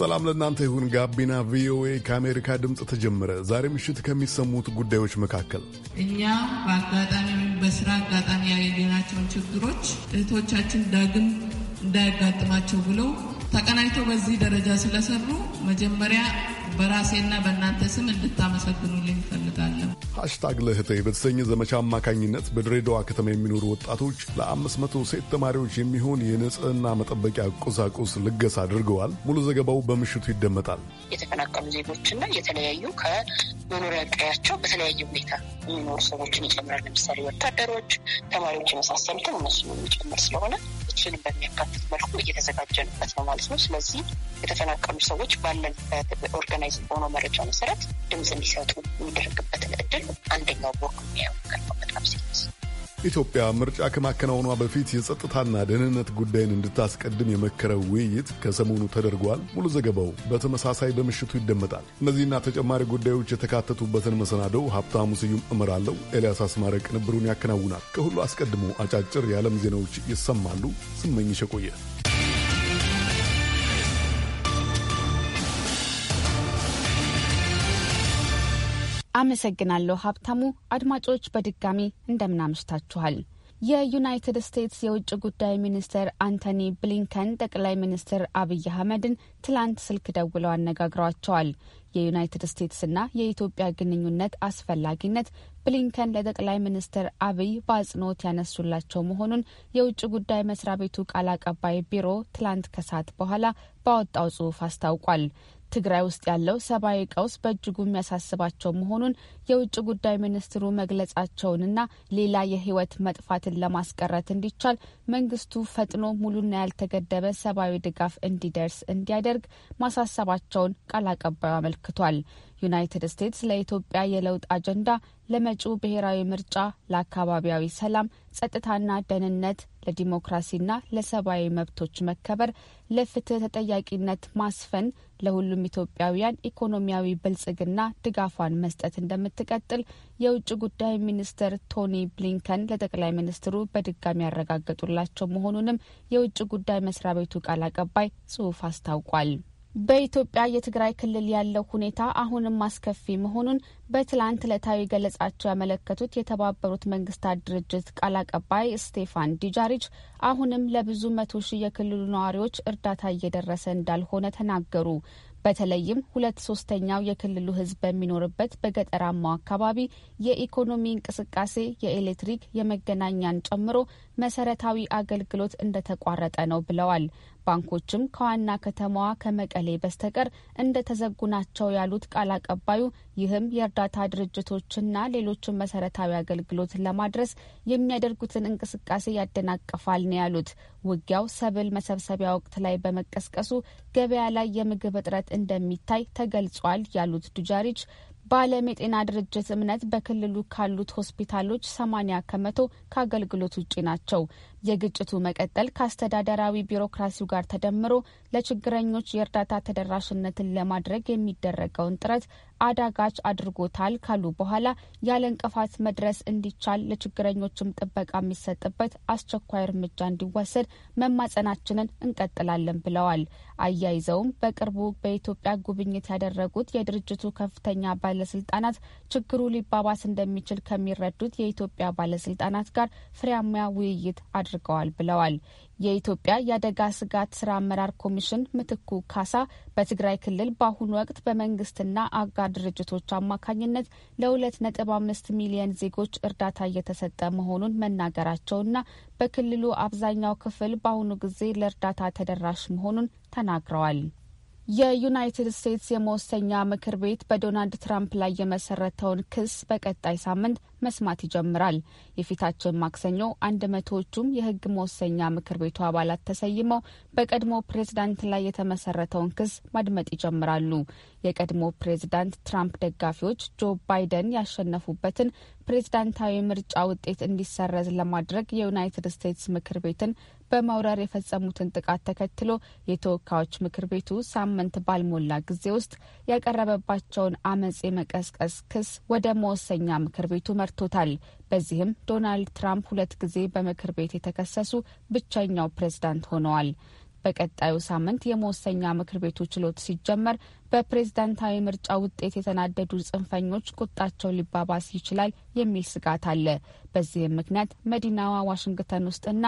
ሰላም ለእናንተ ይሁን። ጋቢና ቪኦኤ ከአሜሪካ ድምፅ ተጀመረ። ዛሬ ምሽት ከሚሰሙት ጉዳዮች መካከል እኛ በአጋጣሚ ወይም በስራ አጋጣሚ ያገኘናቸውን ችግሮች እህቶቻችን ዳግም እንዳያጋጥማቸው ብለው ተቀናጅተው በዚህ ደረጃ ስለሰሩ መጀመሪያ በራሴና በእናንተ ስም እንድታመሰግኑልኝ እፈልጋለሁ። ሀሽታግ ለህቴ በተሰኘ ዘመቻ አማካኝነት በድሬዳዋ ከተማ የሚኖሩ ወጣቶች ለአምስት መቶ ሴት ተማሪዎች የሚሆን የንጽህና መጠበቂያ ቁሳቁስ ልገስ አድርገዋል። ሙሉ ዘገባው በምሽቱ ይደመጣል። የተፈናቀሉ ዜጎችና የተለያዩ ከመኖሪያ ቀያቸው በተለያየ ሁኔታ የሚኖሩ ሰዎችን ይጨምራል። ለምሳሌ ወታደሮች፣ ተማሪዎች የመሳሰሉትን እነሱ የሚጨምር ስለሆነ ሌሎችን በሚያካትት መልኩ እየተዘጋጀንበት ነው ማለት ነው። ስለዚህ የተፈናቀሉ ሰዎች ባለንበት ኦርጋናይዝ በሆነው መረጃ መሰረት ድምፅ እንዲሰጡ የሚደረግበትን እድል አንደኛው ቦክ የሚያውቀል በጣም ኢትዮጵያ ምርጫ ከማከናወኗ በፊት የጸጥታና ደህንነት ጉዳይን እንድታስቀድም የመከረው ውይይት ከሰሞኑ ተደርጓል። ሙሉ ዘገባው በተመሳሳይ በምሽቱ ይደመጣል። እነዚህና ተጨማሪ ጉዳዮች የተካተቱበትን መሰናደው ሀብታሙ ስዩም እመራለሁ። ኤልያስ አስማረ ቅንብሩን ያከናውናል። ከሁሉ አስቀድሞ አጫጭር የዓለም ዜናዎች ይሰማሉ። ስመኝሽ ቆየ አመሰግናለሁ ሀብታሙ። አድማጮች በድጋሚ እንደምናመሽታችኋል። የዩናይትድ ስቴትስ የውጭ ጉዳይ ሚኒስትር አንቶኒ ብሊንከን ጠቅላይ ሚኒስትር አብይ አህመድን ትላንት ስልክ ደውለው አነጋግሯቸዋል። የዩናይትድ ስቴትስና የኢትዮጵያ ግንኙነት አስፈላጊነት ብሊንከን ለጠቅላይ ሚኒስትር አብይ በአጽንኦት ያነሱላቸው መሆኑን የውጭ ጉዳይ መስሪያ ቤቱ ቃል አቀባይ ቢሮ ትላንት ከሰዓት በኋላ ባወጣው ጽሑፍ አስታውቋል። ትግራይ ውስጥ ያለው ሰብአዊ ቀውስ በእጅጉ የሚያሳስባቸው መሆኑን የውጭ ጉዳይ ሚኒስትሩ መግለጻቸውንና ሌላ የህይወት መጥፋትን ለማስቀረት እንዲቻል መንግስቱ ፈጥኖ ሙሉና ያልተገደበ ሰብአዊ ድጋፍ እንዲደርስ እንዲያደርግ ማሳሰባቸውን ቃል አቀባዩ አመልክቷል። ዩናይትድ ስቴትስ ለኢትዮጵያ የለውጥ አጀንዳ ለመጪው ብሔራዊ ምርጫ፣ ለአካባቢያዊ ሰላም ጸጥታና ደህንነት፣ ለዲሞክራሲና ለሰብአዊ መብቶች መከበር፣ ለፍትህ ተጠያቂነት ማስፈን፣ ለሁሉም ኢትዮጵያውያን ኢኮኖሚያዊ ብልጽግና ድጋፏን መስጠት እንደምትቀጥል የውጭ ጉዳይ ሚኒስትር ቶኒ ብሊንከን ለጠቅላይ ሚኒስትሩ በድጋሚ ያረጋገጡላቸው መሆኑንም የውጭ ጉዳይ መስሪያ ቤቱ ቃል አቀባይ ጽሑፍ አስታውቋል። በኢትዮጵያ የትግራይ ክልል ያለው ሁኔታ አሁንም አስከፊ መሆኑን በትላንት ዕለታዊ ገለጻቸው ያመለከቱት የተባበሩት መንግስታት ድርጅት ቃል አቀባይ ስቴፋን ዲጃሪች አሁንም ለብዙ መቶ ሺህ የክልሉ ነዋሪዎች እርዳታ እየደረሰ እንዳልሆነ ተናገሩ። በተለይም ሁለት ሶስተኛው የክልሉ ህዝብ በሚኖርበት በገጠራማው አካባቢ የኢኮኖሚ እንቅስቃሴ፣ የኤሌክትሪክ፣ የመገናኛን ጨምሮ መሰረታዊ አገልግሎት እንደተቋረጠ ነው ብለዋል። ባንኮችም ከዋና ከተማዋ ከመቀሌ በስተቀር እንደተዘጉ ናቸው ያሉት ቃል አቀባዩ፣ ይህም የእርዳታ ድርጅቶችና ሌሎችን መሰረታዊ አገልግሎት ለማድረስ የሚያደርጉትን እንቅስቃሴ ያደናቅፋል ነው ያሉት። ውጊያው ሰብል መሰብሰቢያ ወቅት ላይ በመቀስቀሱ ገበያ ላይ የምግብ እጥረት እንደሚታይ ተገልጿል ያሉት ዱጃሪች በዓለም የጤና ድርጅት እምነት በክልሉ ካሉት ሆስፒታሎች 80 ከመቶ ከአገልግሎት ውጪ ናቸው። የግጭቱ መቀጠል ከአስተዳደራዊ ቢሮክራሲው ጋር ተደምሮ ለችግረኞች የእርዳታ ተደራሽነትን ለማድረግ የሚደረገውን ጥረት አዳጋች አድርጎታል ካሉ በኋላ ያለ እንቅፋት መድረስ እንዲቻል ለችግረኞችም ጥበቃ የሚሰጥበት አስቸኳይ እርምጃ እንዲወሰድ መማጸናችንን እንቀጥላለን ብለዋል። አያይዘውም በቅርቡ በኢትዮጵያ ጉብኝት ያደረጉት የድርጅቱ ከፍተኛ ባለስልጣናት ችግሩ ሊባባስ እንደሚችል ከሚረዱት የኢትዮጵያ ባለስልጣናት ጋር ፍሬያማ ውይይት አድ አድርገዋል ብለዋል። የኢትዮጵያ የአደጋ ስጋት ስራ አመራር ኮሚሽን ምትኩ ካሳ በትግራይ ክልል በአሁኑ ወቅት በመንግስትና አጋር ድርጅቶች አማካኝነት ለሁለት ነጥብ አምስት ሚሊየን ዜጎች እርዳታ እየተሰጠ መሆኑን መናገራቸውና በክልሉ አብዛኛው ክፍል በአሁኑ ጊዜ ለእርዳታ ተደራሽ መሆኑን ተናግረዋል። የዩናይትድ ስቴትስ የመወሰኛ ምክር ቤት በዶናልድ ትራምፕ ላይ የመሰረተውን ክስ በቀጣይ ሳምንት መስማት ይጀምራል። የፊታችን ማክሰኞ አንድ መቶዎቹም የህግ መወሰኛ ምክር ቤቱ አባላት ተሰይመው በቀድሞ ፕሬዝዳንት ላይ የተመሰረተውን ክስ ማድመጥ ይጀምራሉ። የቀድሞ ፕሬዝዳንት ትራምፕ ደጋፊዎች ጆ ባይደን ያሸነፉበትን ፕሬዝዳንታዊ ምርጫ ውጤት እንዲሰረዝ ለማድረግ የዩናይትድ ስቴትስ ምክር ቤትን በማውራር የፈጸሙትን ጥቃት ተከትሎ የተወካዮች ምክር ቤቱ ሳምንት ባልሞላ ጊዜ ውስጥ ያቀረበባቸውን አመፅ የመቀስቀስ ክስ ወደ መወሰኛ ምክር ቤቱ መርቶታል። በዚህም ዶናልድ ትራምፕ ሁለት ጊዜ በምክር ቤት የተከሰሱ ብቸኛው ፕሬዝዳንት ሆነዋል። በቀጣዩ ሳምንት የመወሰኛ ምክር ቤቱ ችሎት ሲጀመር በፕሬዝዳንታዊ ምርጫ ውጤት የተናደዱ ጽንፈኞች ቁጣቸው ሊባባስ ይችላል የሚል ስጋት አለ። በዚህም ምክንያት መዲናዋ ዋሽንግተን ውስጥና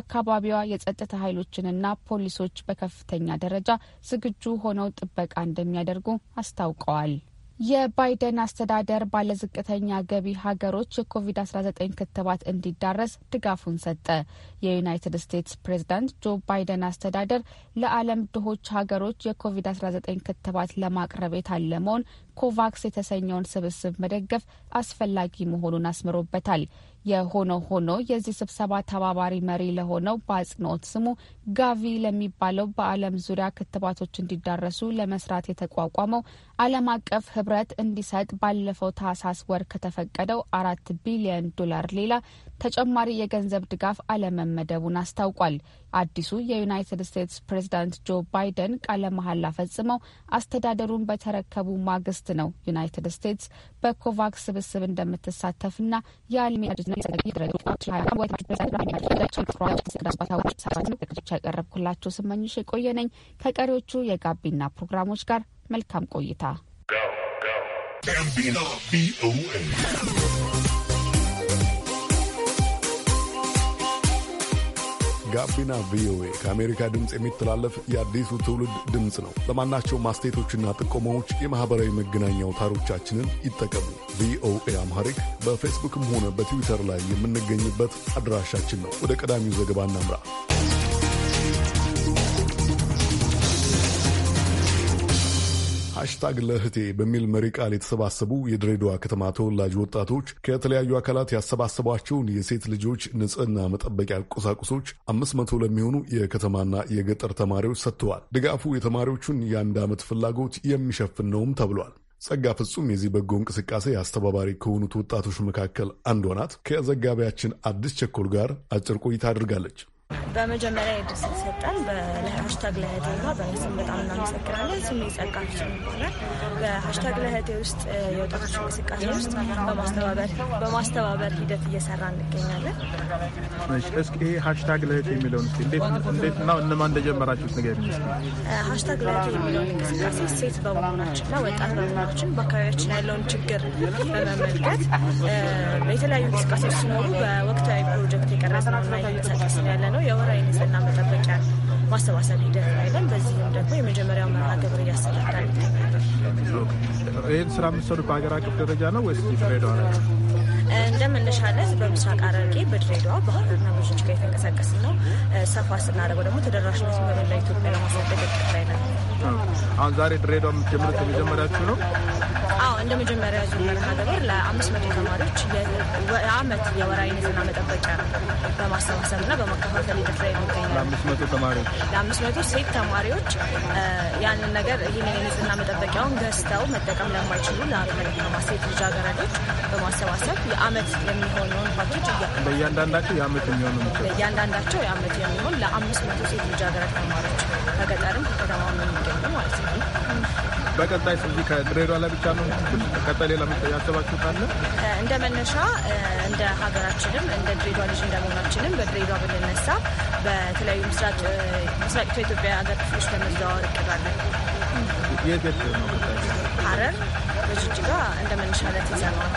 አካባቢዋ የጸጥታ ኃይሎችንና ፖሊሶች በከፍተኛ ደረጃ ዝግጁ ሆነው ጥበቃ እንደሚያደርጉ አስታውቀዋል። የባይደን አስተዳደር ባለዝቅተኛ ገቢ ሀገሮች የኮቪድ-19 ክትባት እንዲዳረስ ድጋፉን ሰጠ። የዩናይትድ ስቴትስ ፕሬዝዳንት ጆ ባይደን አስተዳደር ለዓለም ድሆች ሀገሮች የኮቪድ-19 ክትባት ለማቅረብ የታለመውን ኮቫክስ የተሰኘውን ስብስብ መደገፍ አስፈላጊ መሆኑን አስምሮበታል። የሆነው ሆኖ የዚህ ስብሰባ ተባባሪ መሪ ለሆነው በአጽንኦት ስሙ ጋቪ ለሚባለው በዓለም ዙሪያ ክትባቶች እንዲዳረሱ ለመስራት የተቋቋመው ዓለም አቀፍ ህብረት እንዲሰጥ ባለፈው ታህሳስ ወር ከተፈቀደው አራት ቢሊዮን ዶላር ሌላ ተጨማሪ የገንዘብ ድጋፍ አለመመደቡን አስታውቋል። አዲሱ የዩናይትድ ስቴትስ ፕሬዝዳንት ጆ ባይደን ቃለ መሐላ ፈጽመው አስተዳደሩን በተረከቡ ማግስት ነው ዩናይትድ ስቴትስ በኮቫክስ ስብስብ እንደምትሳተፍና የአልሚ ዝግጅቻ ያቀረብኩላችሁ ስመኝሽ የቆየ ነኝ። ከቀሪዎቹ የጋቢና ፕሮግራሞች ጋር መልካም ቆይታ። ጋቢና ቪኦኤ ከአሜሪካ ድምፅ የሚተላለፍ የአዲሱ ትውልድ ድምፅ ነው። ለማናቸው ማስተያየቶችና ጥቆማዎች የማኅበራዊ መገናኛ አውታሮቻችንን ይጠቀሙ። ቪኦኤ አምሃሪክ በፌስቡክም ሆነ በትዊተር ላይ የምንገኝበት አድራሻችን ነው። ወደ ቀዳሚው ዘገባ እናምራ። ሃሽታግ ለእህቴ በሚል መሪ ቃል የተሰባሰቡ የድሬዳዋ ከተማ ተወላጅ ወጣቶች ከተለያዩ አካላት ያሰባሰቧቸውን የሴት ልጆች ንጽህና መጠበቂያ ቁሳቁሶች አምስት መቶ ለሚሆኑ የከተማና የገጠር ተማሪዎች ሰጥተዋል። ድጋፉ የተማሪዎቹን የአንድ ዓመት ፍላጎት የሚሸፍን ነውም ተብሏል። ጸጋ ፍጹም የዚህ በጎ እንቅስቃሴ አስተባባሪ ከሆኑት ወጣቶች መካከል አንዷ ናት። ከዘጋቢያችን አዲስ ቸኮል ጋር አጭር ቆይታ አድርጋለች። በመጀመሪያ የድርስ ሰጠን በሀሽታግ ለህቴ ና በስም በጣም እናመሰግናለን። ስሜ ጸጋችን ይባላል። በሀሽታግ ለህቴ ውስጥ የወጣቶች እንቅስቃሴ ውስጥ በማስተባበር ሂደት እየሰራ እንገኛለን። እስኪ ይሄ ሀሽታግ ለህቴ የሚለውን እስኪ እንዴት እንዴት እና እነማን እንደጀመራችሁት ነገር ሚስ ሀሽታግ ለህቴ የሚለውን እንቅስቃሴ ሴት በመሆናችን ና ወጣት በመሆናችን በአካባቢያችን ያለውን ችግር በመመልከት የተለያዩ እንቅስቃሴዎች ሲኖሩ በወቅታዊ ፕሮጀክት የቀረጽ ነው እና እየተንቀሳቀስን ያለን ያለው የወር ንጽህና መጠበቂያ ማሰባሰብ ሂደት ላይ ነን። በዚህም ደግሞ የመጀመሪያው መርሃ ግብር እያሰናዳን ይገኛል። ይህን ስራ የምትሰሩት በሀገር አቀፍ ደረጃ ነው ወይስ ድሬዳዋ ላይ ነው? እንደምንሻለን በምስራቅ ሐረርጌ በድሬዳዋ በሀረርና ጋር የተንቀሳቀስን ነው። ሰፋ ስናደርገው ደግሞ ተደራሽነት በመላ ኢትዮጵያ ለማሳደግ ላይ ነን። አሁን ዛሬ ድሬዳዋ የምትጀምሩት የመጀመሪያችሁ ነው? አዎ እንደ መጀመሪያ ዙር መርሃ ለአምስት መቶ ተማሪዎች የአመት የወራዊ አይነትና መጠበቂያ በማሰባሰብ በማሰባሰብና በመከፋፈል ሂደት ላይ ይገኛል። ለአምስት መቶ ሴት ተማሪዎች ያንን ነገር ይህንን የንጽህና መጠበቂያውን ገዝተው መጠቀም ለማይችሉ ለአቅመ ሴት ልጃገረዶች በማሰባሰብ የአመት የሚሆነውን ፓኬጅ ለእያንዳንዳቸው የአመት የሚሆኑ በእያንዳንዳቸው የአመት የሚሆን ለአምስት መቶ ሴት ልጃገረድ ተማሪዎች በገጠርም ከከተማ በቀጣይ ስ ከድሬዳዋ ላይ ብቻ ነው ቀጣይ ሌላ ያሰባችሁ ካለ እንደ መነሻ እንደ ሀገራችንም እንደ ድሬዳዋ ልጅ እንደመሆናችንም በድሬዳዋ ብንነሳ በተለያዩ ምስራቅ ኢትዮጵያ ሀገር ክፍሎች ለመዘዋወር እቅዳለን። የት የት ነው? ሐረር በጅጅጋ እንደ መነሻ ለት ይዘነዋል።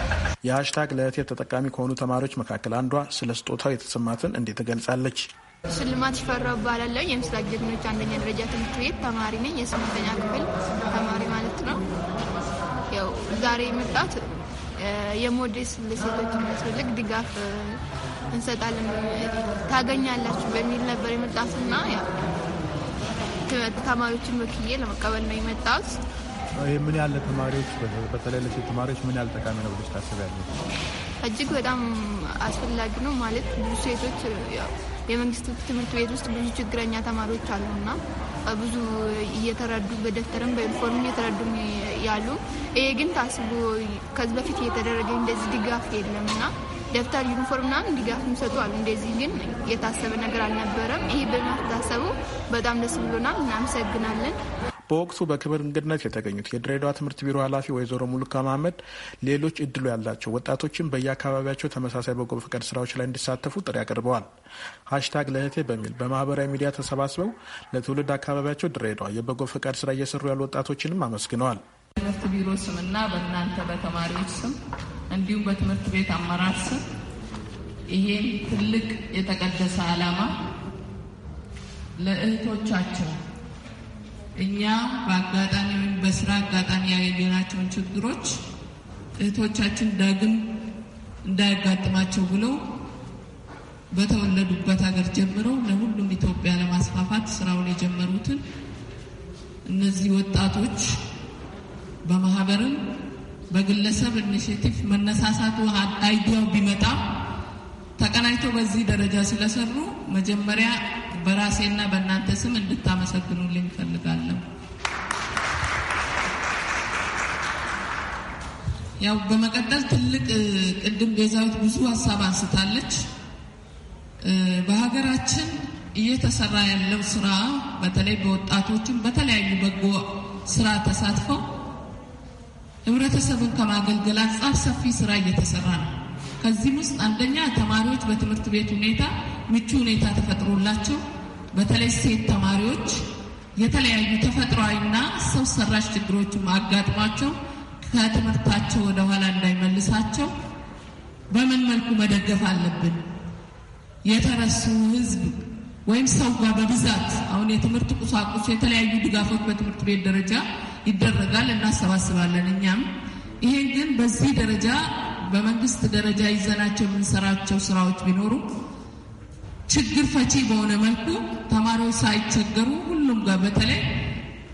የሀሽታግ ለእህቴር ተጠቃሚ ከሆኑ ተማሪዎች መካከል አንዷ ስለ ስጦታው የተሰማትን እንዴት ትገልጻለች? ሽልማት ሽፈራው እባላለሁ። የምስራቅ ጀግኖች አንደኛ ደረጃ ትምህርት ቤት ተማሪ ነኝ። የስምንተኛ ክፍል ተማሪ ማለት ነው። ያው ዛሬ የመጣሁት የሞዴስ ለሴቶች የሚያስፈልግ ድጋፍ እንሰጣለን ታገኛላችሁ በሚል ነበር የመጣሁትና ተማሪዎችን በክዬ ለመቀበል ነው የመጣሁት። ይህ ምን ያለ ተማሪዎች በተለይ ለሴት ተማሪዎች ምን ያህል ጠቃሚ ነው ብለሽ ታስቢያለሽ? እጅግ በጣም አስፈላጊ ነው ማለት ብዙ ሴቶች የመንግስት ትምህርት ቤት ውስጥ ብዙ ችግረኛ ተማሪዎች አሉና ብዙ እየተረዱ በደብተርም በዩኒፎርም እየተረዱ ያሉ፣ ይሄ ግን ታስቦ ከዚህ በፊት እየተደረገ እንደዚህ ድጋፍ የለም እና ደብተር ዩኒፎርምና ድጋፍ የሚሰጡ አሉ። እንደዚህ ግን የታሰበ ነገር አልነበረም። ይሄ በማታሰቡ በጣም ደስ ብሎናል። እናመሰግናለን። በወቅቱ በክብር እንግድነት የተገኙት የድሬዳዋ ትምህርት ቢሮ ኃላፊ ወይዘሮ ሙሉካ መሀመድ ሌሎች እድሉ ያላቸው ወጣቶችን በየአካባቢያቸው ተመሳሳይ በጎ ፈቃድ ስራዎች ላይ እንዲሳተፉ ጥሪ አቅርበዋል። ሀሽታግ ለህቴ በሚል በማህበራዊ ሚዲያ ተሰባስበው ለትውልድ አካባቢያቸው ድሬዳዋ የበጎ ፈቃድ ስራ እየሰሩ ያሉ ወጣቶችንም አመስግነዋል። ትምህርት ቢሮ ስምና በእናንተ በተማሪዎች ስም እንዲሁም በትምህርት ቤት አመራር ስም ይሄን ትልቅ የተቀደሰ ዓላማ ለእህቶቻቸው እኛ በአጋጣሚ ወይም በስራ አጋጣሚ ያገኘናቸውን ችግሮች እህቶቻችን ዳግም እንዳያጋጥማቸው ብለው በተወለዱበት ሀገር ጀምረው ለሁሉም ኢትዮጵያ ለማስፋፋት ስራውን የጀመሩትን እነዚህ ወጣቶች በማህበርም በግለሰብ ኢኒሽቲቭ መነሳሳቱ አይዲያው ቢመጣም ተቀናጅተው በዚህ ደረጃ ስለሰሩ መጀመሪያ በራሴና በእናንተ ስም እንድታመሰግኑልኝ ፈልጋለሁ። ያው በመቀጠል ትልቅ ቅድም ቤዛዊት ብዙ ሀሳብ አንስታለች። በሀገራችን እየተሰራ ያለው ስራ በተለይ በወጣቶችም በተለያዩ በጎ ስራ ተሳትፈው ህብረተሰብን ከማገልገል አንጻር ሰፊ ስራ እየተሰራ ነው። ከዚህም ውስጥ አንደኛ ተማሪዎች በትምህርት ቤት ሁኔታ ምቹ ሁኔታ ተፈጥሮላቸው በተለይ ሴት ተማሪዎች የተለያዩ ተፈጥሯዊና ሰው ሰራሽ ችግሮች አጋጥሟቸው ከትምህርታቸው ወደ ኋላ እንዳይመልሳቸው በምን መልኩ መደገፍ አለብን? የተረሱ ህዝብ ወይም ሰው ጋር በብዛት አሁን የትምህርት ቁሳቁስ የተለያዩ ድጋፎች በትምህርት ቤት ደረጃ ይደረጋል፣ እናሰባስባለን። እኛም ይሄን ግን በዚህ ደረጃ በመንግስት ደረጃ ይዘናቸው የምንሰራቸው ስራዎች ቢኖሩ ችግር ፈቺ በሆነ መልኩ ተማሪዎች ሳይቸገሩ ሁሉም ጋር በተለይ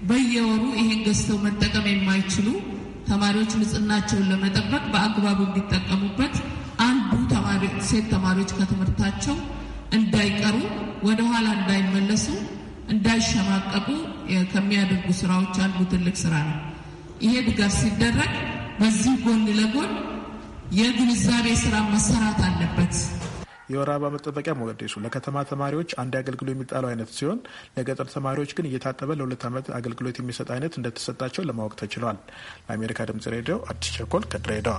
በየወሩ ይሄን ገዝተው መጠቀም የማይችሉ ተማሪዎች ንጽህናቸውን ለመጠበቅ በአግባቡ እንዲጠቀሙበት አንዱ ሴት ተማሪዎች ከትምህርታቸው እንዳይቀሩ ወደኋላ እንዳይመለሱ እንዳይሸማቀቁ ከሚያደርጉ ስራዎች አንዱ ትልቅ ስራ ነው። ይሄ ድጋፍ ሲደረግ በዚህ ጎን ለጎን የግንዛቤ ስራ መሰራት አለበት። የወር አበባ መጠበቂያ ሞቃዲሾ ለከተማ ተማሪዎች አንድ አገልግሎ የሚጣለው አይነት ሲሆን ለገጠር ተማሪዎች ግን እየታጠበ ለሁለት ዓመት አገልግሎት የሚሰጥ አይነት እንደተሰጣቸው ለማወቅ ተችሏል። ለአሜሪካ ድምጽ ሬዲዮ አዲስ ቸኮል ከድሬዳዋ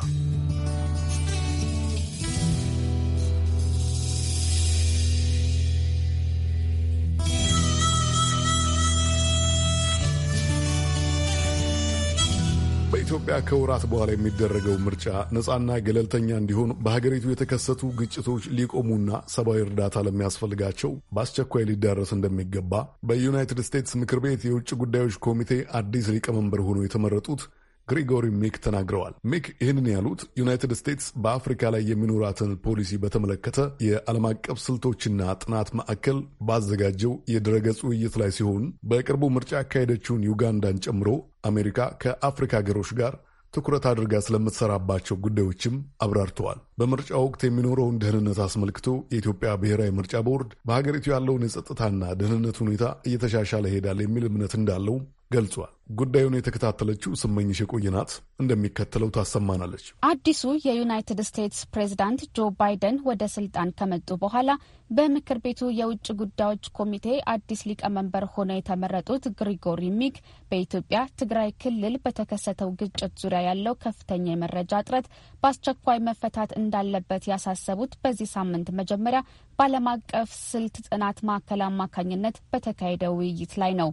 በኢትዮጵያ ከወራት በኋላ የሚደረገው ምርጫ ነፃና ገለልተኛ እንዲሆን በሀገሪቱ የተከሰቱ ግጭቶች ሊቆሙና ሰብአዊ እርዳታ ለሚያስፈልጋቸው በአስቸኳይ ሊዳረስ እንደሚገባ በዩናይትድ ስቴትስ ምክር ቤት የውጭ ጉዳዮች ኮሚቴ አዲስ ሊቀመንበር ሆነው የተመረጡት ግሪጎሪ ሚክ ተናግረዋል። ሚክ ይህንን ያሉት ዩናይትድ ስቴትስ በአፍሪካ ላይ የሚኖራትን ፖሊሲ በተመለከተ የዓለም አቀፍ ስልቶችና ጥናት ማዕከል ባዘጋጀው የድረገጽ ውይይት ላይ ሲሆን በቅርቡ ምርጫ ያካሄደችውን ዩጋንዳን ጨምሮ አሜሪካ ከአፍሪካ ሀገሮች ጋር ትኩረት አድርጋ ስለምትሰራባቸው ጉዳዮችም አብራርተዋል። በምርጫ ወቅት የሚኖረውን ደህንነት አስመልክቶ የኢትዮጵያ ብሔራዊ ምርጫ ቦርድ በሀገሪቱ ያለውን የጸጥታና ደህንነት ሁኔታ እየተሻሻለ ይሄዳል የሚል እምነት እንዳለው ገልጿል። ጉዳዩን የተከታተለችው ስመኝሽ የቆየናት እንደሚከተለው ታሰማናለች። አዲሱ የዩናይትድ ስቴትስ ፕሬዝዳንት ጆ ባይደን ወደ ስልጣን ከመጡ በኋላ በምክር ቤቱ የውጭ ጉዳዮች ኮሚቴ አዲስ ሊቀመንበር ሆነው የተመረጡት ግሪጎሪ ሚክ በኢትዮጵያ ትግራይ ክልል በተከሰተው ግጭት ዙሪያ ያለው ከፍተኛ የመረጃ እጥረት በአስቸኳይ መፈታት እንዳለበት ያሳሰቡት በዚህ ሳምንት መጀመሪያ በዓለም አቀፍ ስልት ጥናት ማዕከል አማካኝነት በተካሄደው ውይይት ላይ ነው።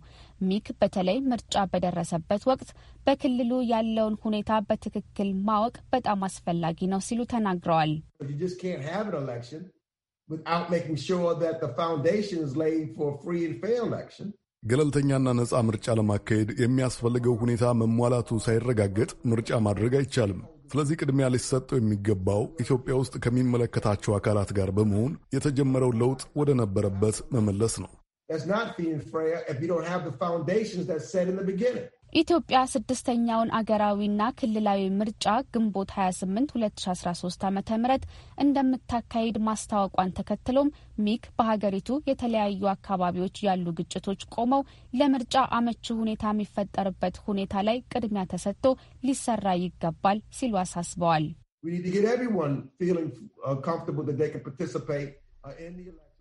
ሚክ በተለይ ምርጫ በደረሰበት ወቅት በክልሉ ያለውን ሁኔታ በትክክል ማወቅ በጣም አስፈላጊ ነው ሲሉ ተናግረዋል። ገለልተኛና ነፃ ምርጫ ለማካሄድ የሚያስፈልገው ሁኔታ መሟላቱ ሳይረጋገጥ ምርጫ ማድረግ አይቻልም። ስለዚህ ቅድሚያ ሊሰጠው የሚገባው ኢትዮጵያ ውስጥ ከሚመለከታቸው አካላት ጋር በመሆን የተጀመረው ለውጥ ወደ ነበረበት መመለስ ነው። that's not if you don't have the foundations that set in the beginning. ኢትዮጵያ ስድስተኛውን አገራዊና ክልላዊ ምርጫ ግንቦት 28 2013 ዓ ም እንደምታካሂድ ማስታወቋን ተከትሎም ሚክ በሀገሪቱ የተለያዩ አካባቢዎች ያሉ ግጭቶች ቆመው ለምርጫ አመቺ ሁኔታ የሚፈጠርበት ሁኔታ ላይ ቅድሚያ ተሰጥቶ ሊሰራ ይገባል ሲሉ አሳስበዋል።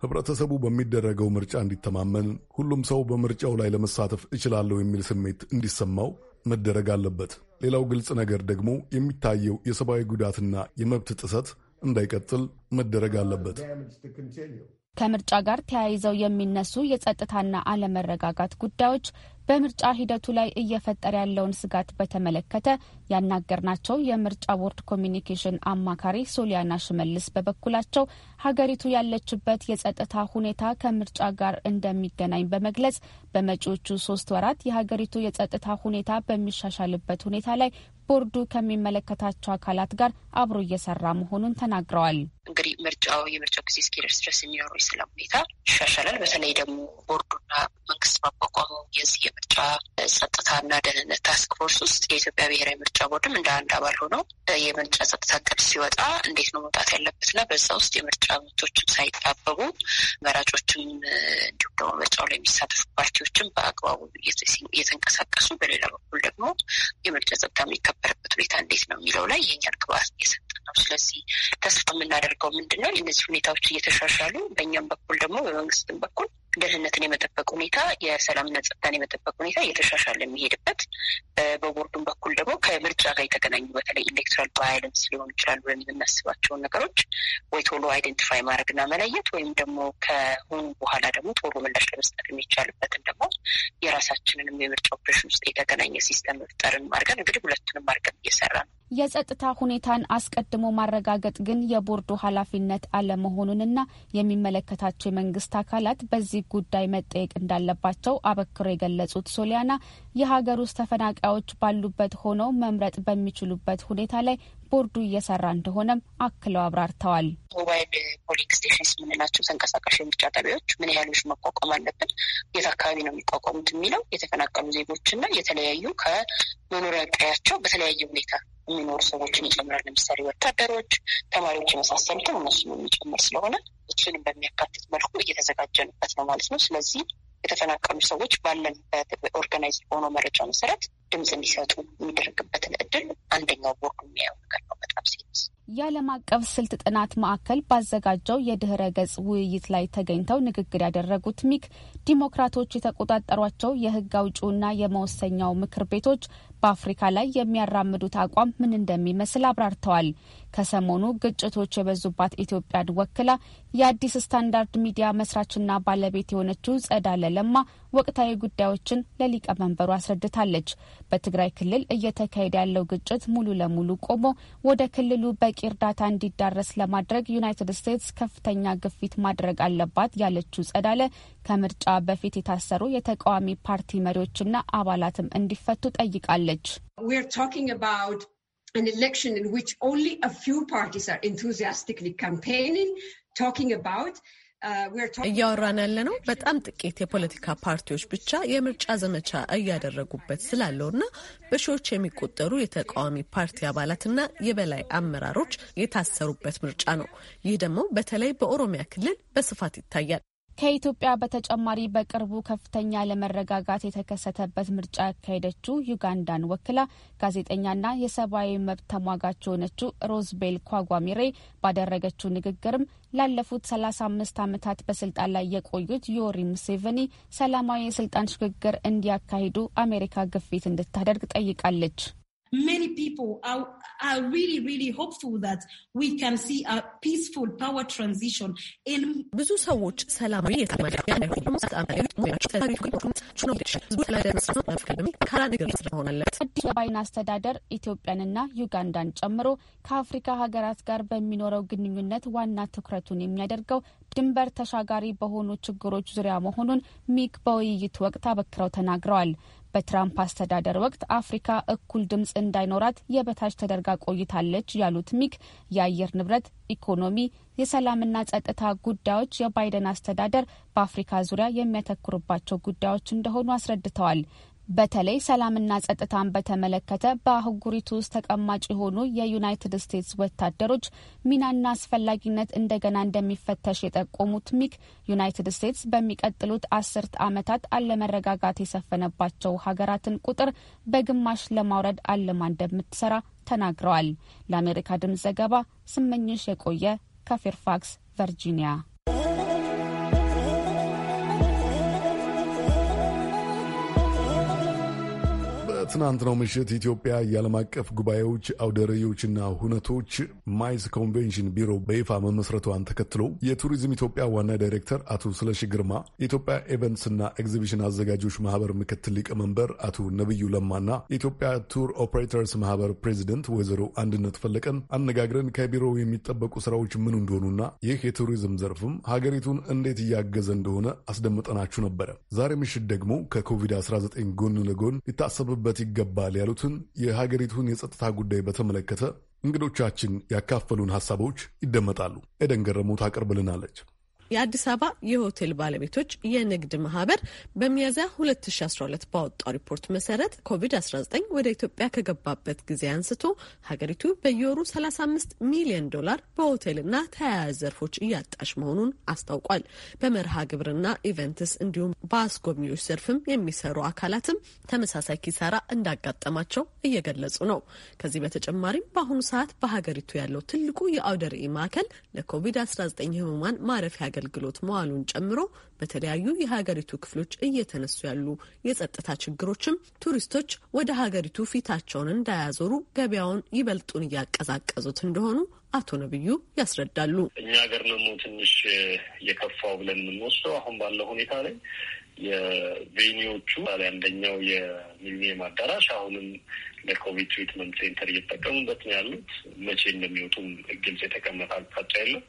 ህብረተሰቡ በሚደረገው ምርጫ እንዲተማመን ሁሉም ሰው በምርጫው ላይ ለመሳተፍ እችላለሁ የሚል ስሜት እንዲሰማው መደረግ አለበት። ሌላው ግልጽ ነገር ደግሞ የሚታየው የሰብአዊ ጉዳትና የመብት ጥሰት እንዳይቀጥል መደረግ አለበት። ከምርጫ ጋር ተያይዘው የሚነሱ የጸጥታና አለመረጋጋት ጉዳዮች በምርጫ ሂደቱ ላይ እየፈጠረ ያለውን ስጋት በተመለከተ ያናገርናቸው የምርጫ ቦርድ ኮሚኒኬሽን አማካሪ ሶሊያና ሽመልስ በበኩላቸው ሀገሪቱ ያለችበት የጸጥታ ሁኔታ ከምርጫ ጋር እንደሚገናኝ በመግለጽ በመጪዎቹ ሶስት ወራት የሀገሪቱ የጸጥታ ሁኔታ በሚሻሻልበት ሁኔታ ላይ ቦርዱ ከሚመለከታቸው አካላት ጋር አብሮ እየሰራ መሆኑን ተናግረዋል። እንግዲህ ምርጫው የምርጫው ጊዜ እስኪደርስ ድረስ የሚኖሩ የሰላም ሁኔታ ይሻሻላል። በተለይ ደግሞ ቦርዱና መንግስት ባቋቋመው የዚህ የምርጫ ጸጥታና ደህንነት ታስክ ፎርስ ውስጥ የኢትዮጵያ ብሔራዊ ምርጫ ምርጫ ቦርድም እንደ አንድ አባል ሆኖ የምርጫ ጸጥታ እቅድ ሲወጣ እንዴት ነው መውጣት ያለበትና በዛ ውስጥ የምርጫ መብቶችም ሳይጣበቡ መራጮችም እንዲሁም ደግሞ ምርጫው ላይ የሚሳተፉ ፓርቲዎችም በአግባቡ እየተንቀሳቀሱ፣ በሌላ በኩል ደግሞ የምርጫ ጸጥታ የሚከበርበት ሁኔታ እንዴት ነው የሚለው ላይ የኛ ግባት እየሰጠ ነው። ስለዚህ ተስፋ የምናደርገው ምንድን ነው እነዚህ ሁኔታዎች እየተሻሻሉ በእኛም በኩል ደግሞ በመንግስትም በኩል ደህንነትን የመጠበቅ ሁኔታ፣ የሰላምና ጸጥታን የመጠበቅ ሁኔታ እየተሻሻለ የሚሄድበት በቦርዱን በኩል ደግሞ ከምርጫ ጋር የተገናኙ በተለይ ኤሌክትራል ቫይለንስ ሊሆን ይችላሉ የምናስባቸውን ነገሮች ወይ ቶሎ አይደንቲፋይ ማድረግና መለየት ወይም ደግሞ ከሆኑ በኋላ ደግሞ ቶሎ ምላሽ ለመስጠት የሚቻልበትን ደግሞ የራሳችንንም የምርጫ ኦፕሬሽን ውስጥ የተገናኘ ሲስተም መፍጠርን አድርገን እንግዲህ ሁለቱንም አድርገን እየሰራ ነው። የጸጥታ ሁኔታን አስቀድሞ ማረጋገጥ ግን የቦርዱ ኃላፊነት አለመሆኑንና የሚመለከታቸው የመንግስት አካላት በዚህ ጉዳይ መጠየቅ እንዳለባቸው አበክሮ የገለጹት ሶሊያና የሀገር ውስጥ ተፈናቃዮች ባሉበት ሆነው መምረጥ በሚችሉበት ሁኔታ ላይ ቦርዱ እየሰራ እንደሆነም አክለው አብራርተዋል። ሞባይል ፖሊንግ ስቴሽንስ የምንላቸው ተንቀሳቃሽ የምርጫ ጣቢያዎች ምን ያህሎች መቋቋም አለብን፣ የት አካባቢ ነው የሚቋቋሙት የሚለው የተፈናቀሉ ዜጎችና የተለያዩ ከመኖሪያ ቀያቸው በተለያየ ሁኔታ የሚኖሩ ሰዎችን ይጨምራል። ለምሳሌ ወታደሮች፣ ተማሪዎች የመሳሰሉትን እነሱ የሚጨምር ስለሆነ እችንም በሚያካትት መልኩ እየተዘጋጀንበት ነው ማለት ነው። ስለዚህ የተፈናቀሉ ሰዎች ባለንበት ኦርጋናይዝ በሆነው መረጃ መሰረት ድምፅ እንዲሰጡ የሚደረግበትን እድል አንደኛው ቦርዱ የሚያየው ነገር ነው። በጣም ሴት የዓለም አቀፍ ስልት ጥናት ማዕከል ባዘጋጀው የድህረ ገጽ ውይይት ላይ ተገኝተው ንግግር ያደረጉት ሚክ ዲሞክራቶች የተቆጣጠሯቸው የህግ አውጪውና የመወሰኛው ምክር ቤቶች በአፍሪካ ላይ የሚያራምዱት አቋም ምን እንደሚመስል አብራርተዋል። ከሰሞኑ ግጭቶች የበዙባት ኢትዮጵያን ወክላ የአዲስ ስታንዳርድ ሚዲያ መስራችና ባለቤት የሆነችው ጸዳለ ለማ ወቅታዊ ጉዳዮችን ለሊቀመንበሩ አስረድታለች። በትግራይ ክልል እየተካሄደ ያለው ግጭት ሙሉ ለሙሉ ቆሞ ወደ ክልሉ በቂ እርዳታ እንዲዳረስ ለማድረግ ዩናይትድ ስቴትስ ከፍተኛ ግፊት ማድረግ አለባት ያለችው ጸዳለ ከምርጫ በፊት የታሰሩ የተቃዋሚ ፓርቲ መሪዎችና አባላትም እንዲፈቱ ጠይቃለች። an election in which only a few parties are enthusiastically campaigning, talking about uh, እያወራን ያለ ነው በጣም ጥቂት የፖለቲካ ፓርቲዎች ብቻ የምርጫ ዘመቻ እያደረጉበት ስላለው ስላለውና በሺዎች የሚቆጠሩ የተቃዋሚ ፓርቲ አባላትና የበላይ አመራሮች የታሰሩበት ምርጫ ነው። ይህ ደግሞ በተለይ በኦሮሚያ ክልል በስፋት ይታያል። ከኢትዮጵያ በተጨማሪ በቅርቡ ከፍተኛ ለመረጋጋት የተከሰተበት ምርጫ ያካሄደችው ዩጋንዳን ወክላ ጋዜጠኛና የሰብአዊ መብት ተሟጋች የሆነችው ሮዝቤል ኳጓሚሬ ባደረገችው ንግግርም ላለፉት ሰላሳ አምስት ዓመታት በስልጣን ላይ የቆዩት ዮሪ ሙሴቨኒ ሰላማዊ የስልጣን ሽግግር እንዲያካሂዱ አሜሪካ ግፊት እንድታደርግ ጠይቃለች። many people are, are really, really hopeful that we can see a peaceful power transition. ብዙ ሰዎች ሰላማዊ አዲስ ባይን አስተዳደር ኢትዮጵያንና ዩጋንዳን ጨምሮ ከአፍሪካ ሀገራት ጋር በሚኖረው ግንኙነት ዋና ትኩረቱን የሚያደርገው ድንበር ተሻጋሪ በሆኑ ችግሮች ዙሪያ መሆኑን ሚክ በውይይቱ ወቅት አበክረው ተናግረዋል። በትራምፕ አስተዳደር ወቅት አፍሪካ እኩል ድምፅ እንዳይኖራት የበታች ተደርጋ ቆይታለች ያሉት ሚክ የአየር ንብረት፣ ኢኮኖሚ፣ የሰላምና ጸጥታ ጉዳዮች የባይደን አስተዳደር በአፍሪካ ዙሪያ የሚያተኩርባቸው ጉዳዮች እንደሆኑ አስረድተዋል። በተለይ ሰላምና ጸጥታን በተመለከተ በአህጉሪቱ ውስጥ ተቀማጭ የሆኑ የዩናይትድ ስቴትስ ወታደሮች ሚናና አስፈላጊነት እንደገና እንደሚፈተሽ የጠቆሙት ሚክ ዩናይትድ ስቴትስ በሚቀጥሉት አስርት ዓመታት አለመረጋጋት የሰፈነባቸው ሀገራትን ቁጥር በግማሽ ለማውረድ አልማ እንደምትሰራ ተናግረዋል። ለአሜሪካ ድምፅ ዘገባ ስመኝሽ የቆየ ከፌርፋክስ ቨርጂኒያ በትናንትናው ምሽት ኢትዮጵያ የዓለም አቀፍ ጉባኤዎች አውደ ርዕዮችና ሁነቶች ማይስ ኮንቬንሽን ቢሮ በይፋ መመስረቷን ተከትሎ የቱሪዝም ኢትዮጵያ ዋና ዳይሬክተር አቶ ስለሺ ግርማ፣ የኢትዮጵያ ኤቨንትስና ኤግዚቢሽን አዘጋጆች ማህበር ምክትል ሊቀመንበር አቶ ነቢዩ ለማና የኢትዮጵያ ቱር ኦፕሬተርስ ማህበር ፕሬዚደንት ወይዘሮ አንድነት ፈለቀን አነጋግረን ከቢሮው የሚጠበቁ ስራዎች ምን እንደሆኑና ይህ የቱሪዝም ዘርፍም ሀገሪቱን እንዴት እያገዘ እንደሆነ አስደምጠናችሁ ነበረ። ዛሬ ምሽት ደግሞ ከኮቪድ-19 ጎን ለጎን ሊታሰብበት ይገባል ያሉትን የሀገሪቱን የጸጥታ ጉዳይ በተመለከተ እንግዶቻችን ያካፈሉን ሀሳቦች ይደመጣሉ። ኤደን ገረሙ ታቀርብልናለች። የአዲስ አበባ የሆቴል ባለቤቶች የንግድ ማህበር በሚያዝያ 2012 ባወጣው ሪፖርት መሰረት ኮቪድ-19 ወደ ኢትዮጵያ ከገባበት ጊዜ አንስቶ ሀገሪቱ በየወሩ 35 ሚሊዮን ዶላር በሆቴልና ተያያዥ ዘርፎች እያጣች መሆኑን አስታውቋል። በመርሃ ግብርና ኢቨንትስ እንዲሁም በአስጎብኚዎች ዘርፍም የሚሰሩ አካላትም ተመሳሳይ ኪሳራ እንዳጋጠማቸው እየገለጹ ነው። ከዚህ በተጨማሪም በአሁኑ ሰዓት በሀገሪቱ ያለው ትልቁ የአውደ ርዕይ ማዕከል ለኮቪድ-19 ህሙማን ማረፊያ አገልግሎት መዋሉን ጨምሮ በተለያዩ የሀገሪቱ ክፍሎች እየተነሱ ያሉ የጸጥታ ችግሮችም ቱሪስቶች ወደ ሀገሪቱ ፊታቸውን እንዳያዞሩ ገበያውን ይበልጡን እያቀዛቀዙት እንደሆኑ አቶ ነብዩ ያስረዳሉ። እኛ ሀገር ደግሞ ትንሽ የከፋው ብለን የምንወስደው አሁን ባለው ሁኔታ ላይ የቬኒዎቹ አንደኛው የሚሊኒየም አዳራሽ አሁንም ለኮቪድ ትሪትመንት ሴንተር እየተጠቀሙበት ነው ያሉት። መቼ እንደሚወጡም ግልጽ የተቀመጠ አቅጣጫ የለም።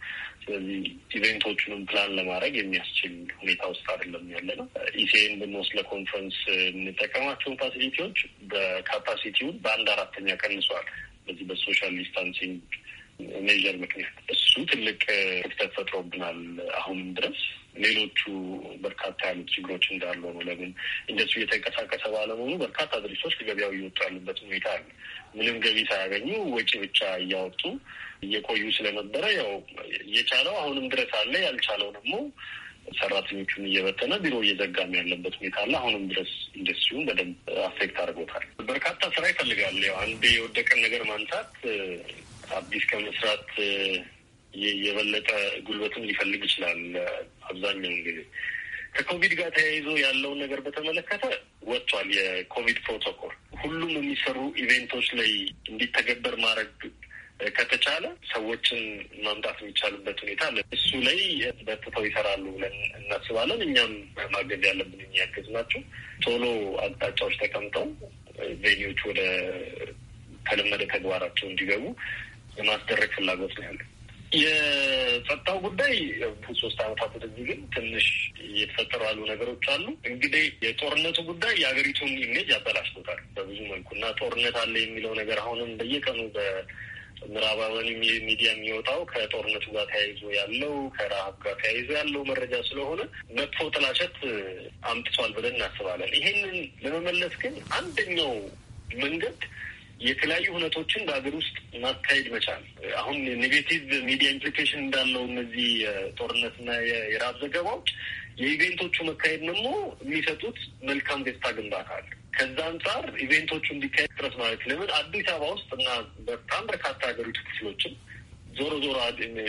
ስለዚህ ኢቨንቶቹንም ፕላን ለማድረግ የሚያስችል ሁኔታ ውስጥ አይደለም ያለ ነው። ኢሴን ብንወስድ ለኮንፈረንስ የምንጠቀማቸውን ፋሲሊቲዎች በካፓሲቲውን በአንድ አራተኛ ቀንሷል። በዚህ በሶሻል ዲስታንሲንግ ሜዥር ምክንያት እሱ ትልቅ ክፍተት ፈጥሮብናል። አሁንም ድረስ ሌሎቹ በርካታ ያሉት ችግሮች እንዳሉ ነው። ለምን እንደሱ የተንቀሳቀሰ ባለመሆኑ በርካታ ድርጅቶች ከገበያው እየወጡ ያሉበት ሁኔታ አለ። ምንም ገቢ ሳያገኙ ወጪ ብቻ እያወጡ እየቆዩ ስለነበረ ያው እየቻለው አሁንም ድረስ አለ፣ ያልቻለው ደግሞ ሰራተኞቹን እየበተነ ቢሮ እየዘጋም ያለበት ሁኔታ አለ። አሁንም ድረስ ኢንዱስትሪውን በደንብ አፌክት አድርጎታል። በርካታ ስራ ይፈልጋል። ያው የወደቀን ነገር ማንሳት አዲስ ከመስራት የበለጠ ጉልበትም ሊፈልግ ይችላል። አብዛኛውን ጊዜ ከኮቪድ ጋር ተያይዞ ያለውን ነገር በተመለከተ ወጥቷል የኮቪድ ፕሮቶኮል። ሁሉም የሚሰሩ ኢቬንቶች ላይ እንዲተገበር ማድረግ ከተቻለ ሰዎችን ማምጣት የሚቻልበት ሁኔታ አለ። እሱ ላይ በርትተው ይሰራሉ ብለን እናስባለን። እኛም ማገዝ ያለብን የሚያገዝ ናቸው። ቶሎ አቅጣጫዎች ተቀምጠው ቬኒዎች ወደ ተለመደ ተግባራቸው እንዲገቡ የማስደረግ ፍላጎት ነው ያለ። የጸጥታው ጉዳይ ሶስት ዓመታት ወደዚህ ግን ትንሽ እየተፈጠሩ ያሉ ነገሮች አሉ። እንግዲህ የጦርነቱ ጉዳይ የሀገሪቱን ኢሜጅ ያበላሽቶታል በብዙ መልኩ እና ጦርነት አለ የሚለው ነገር አሁንም በየቀኑ በምዕራባውያን ሚዲያ የሚወጣው ከጦርነቱ ጋር ተያይዞ ያለው ከረሃብ ጋር ተያይዞ ያለው መረጃ ስለሆነ መጥፎ ጥላሸት አምጥቷል ብለን እናስባለን። ይሄንን ለመመለስ ግን አንደኛው መንገድ የተለያዩ ሁነቶችን በሀገር ውስጥ ማካሄድ መቻል አሁን ኔጌቲቭ ሚዲያ ኢምፕሊኬሽን እንዳለው እነዚህ ጦርነትና የራብ ዘገባዎች የኢቬንቶቹ መካሄድ ደግሞ የሚሰጡት መልካም ገጽታ ግንባታ አለ። ከዛ አንጻር ኢቬንቶቹ እንዲካሄድ ጥረት ማለት ለምን አዲስ አበባ ውስጥ እና በጣም በርካታ ሀገሪቱ ክፍሎችም ዞሮ ዞሮ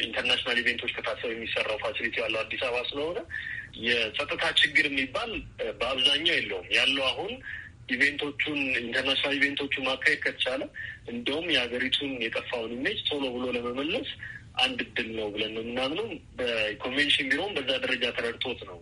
ኢንተርናሽናል ኢቬንቶች ከታሰብ የሚሰራው ፋሲሊቲ ያለው አዲስ አበባ ስለሆነ የጸጥታ ችግር የሚባል በአብዛኛው የለውም። ያለው አሁን ኢቬንቶቹን ኢንተርናሽናል ኢቬንቶቹን ማካሄድ ከተቻለ እንደውም የሀገሪቱን የጠፋውን ኢሜጅ ቶሎ ብሎ ለመመለስ አንድ እድል ነው ብለን ነው የምናምነው። በኮንቬንሽን ቢሮም በዛ ደረጃ ተረድቶት ነው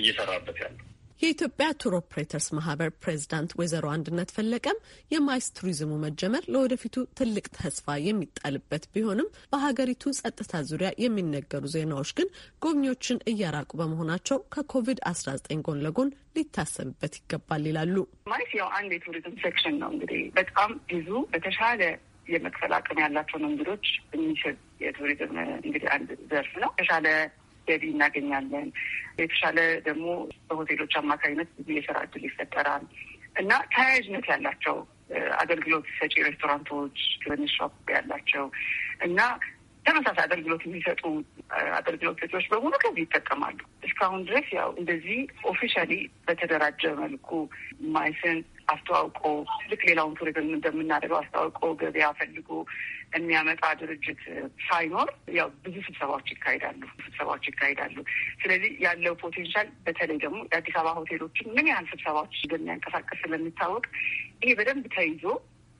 እየሰራበት ያለው። የኢትዮጵያ ቱር ኦፕሬተርስ ማህበር ፕሬዚዳንት ወይዘሮ አንድነት ፈለቀም የማይስ ቱሪዝሙ መጀመር ለወደፊቱ ትልቅ ተስፋ የሚጣልበት ቢሆንም በሀገሪቱ ጸጥታ ዙሪያ የሚነገሩ ዜናዎች ግን ጎብኚዎችን እያራቁ በመሆናቸው ከኮቪድ-19 ጎን ለጎን ሊታሰብበት ይገባል ይላሉ። ማይስ ያው አንድ የቱሪዝም ሴክሽን ነው። እንግዲህ በጣም ብዙ በተሻለ የመክፈል አቅም ያላቸውን እንግዶች የሚስብ የቱሪዝም እንግዲህ አንድ ዘርፍ ነው። የተሻለ ገቢ እናገኛለን። የተሻለ ደግሞ በሆቴሎች አማካኝነት ብዙ የስራ እድል ይፈጠራል እና ተያያዥነት ያላቸው አገልግሎት ሰጪ ሬስቶራንቶች፣ ትንሽ ሾፕ ያላቸው እና ተመሳሳይ አገልግሎት የሚሰጡ አገልግሎት ሰጪዎች በሙሉ ከዚህ ይጠቀማሉ። እስካሁን ድረስ ያው እንደዚህ ኦፊሻሊ በተደራጀ መልኩ ማይሰን አስተዋውቆ ልክ ሌላውን ቱሪዝም እንደምናደርገው አስተዋውቆ ገበያ ፈልጎ የሚያመጣ ድርጅት ሳይኖር ያው ብዙ ስብሰባዎች ይካሄዳሉ ስብሰባዎች ይካሄዳሉ። ስለዚህ ያለው ፖቴንሻል በተለይ ደግሞ የአዲስ አበባ ሆቴሎችን ምን ያህል ስብሰባዎች እንደሚያንቀሳቀስ ስለሚታወቅ ይሄ በደንብ ተይዞ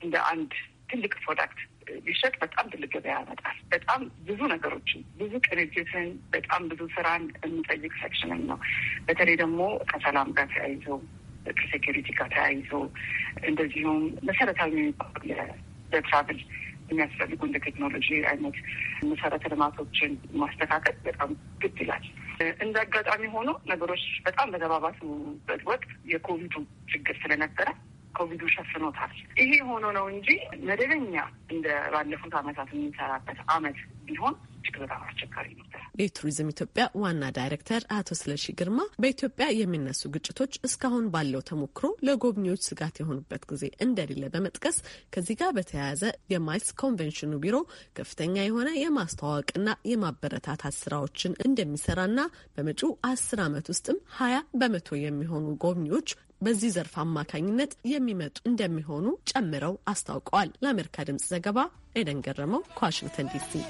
እንደ አንድ ትልቅ ፕሮዳክት ቢሸጥ በጣም ትልቅ ገበያ ያመጣል። በጣም ብዙ ነገሮችን ብዙ ቅንጅትን፣ በጣም ብዙ ስራን የሚጠይቅ ሴክሽንም ነው። በተለይ ደግሞ ከሰላም ጋር ተያይዘው ከሴኪሪቲ ጋር ተያይዞ እንደዚሁም መሰረታዊ የሚባሉ የሚያስፈልጉ እንደ ቴክኖሎጂ አይነት መሰረተ ልማቶችን ማስተካከል በጣም ግድ ይላል። እንደ አጋጣሚ ሆኖ ነገሮች በጣም በተባባሱበት ወቅት የኮቪዱ ችግር ስለነበረ ኮቪዱ ሸፍኖታል። ይሄ ሆኖ ነው እንጂ መደበኛ እንደ ባለፉት አመታት የምንሰራበት አመት ቢሆን እጅግ በጣም አስቸጋሪ ነበር። የቱሪዝም ኢትዮጵያ ዋና ዳይሬክተር አቶ ስለሺ ግርማ በኢትዮጵያ የሚነሱ ግጭቶች እስካሁን ባለው ተሞክሮ ለጎብኚዎች ስጋት የሆኑበት ጊዜ እንደሌለ በመጥቀስ ከዚህ ጋር በተያያዘ የማይልስ ኮንቬንሽኑ ቢሮ ከፍተኛ የሆነ የማስተዋወቅና የማበረታታት ስራዎችን እንደሚሰራና በመጪው አስር ዓመት ውስጥም ሀያ በመቶ የሚሆኑ ጎብኚዎች በዚህ ዘርፍ አማካኝነት የሚመጡ እንደሚሆኑ ጨምረው አስታውቀዋል። ለአሜሪካ ድምጽ ዘገባ ኤደን ገረመው ከዋሽንግተን ዲሲ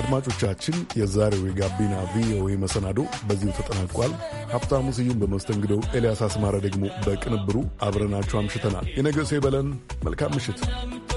አድማጮቻችን የዛሬው የጋቢና ቪኦኤ መሰናዶ በዚሁ ተጠናቋል። ሀብታሙ ስዩም በመስተንግደው፣ ኤልያስ አስማረ ደግሞ በቅንብሩ አብረናችሁ አምሽተናል። የነገሴ በለን መልካም ምሽት።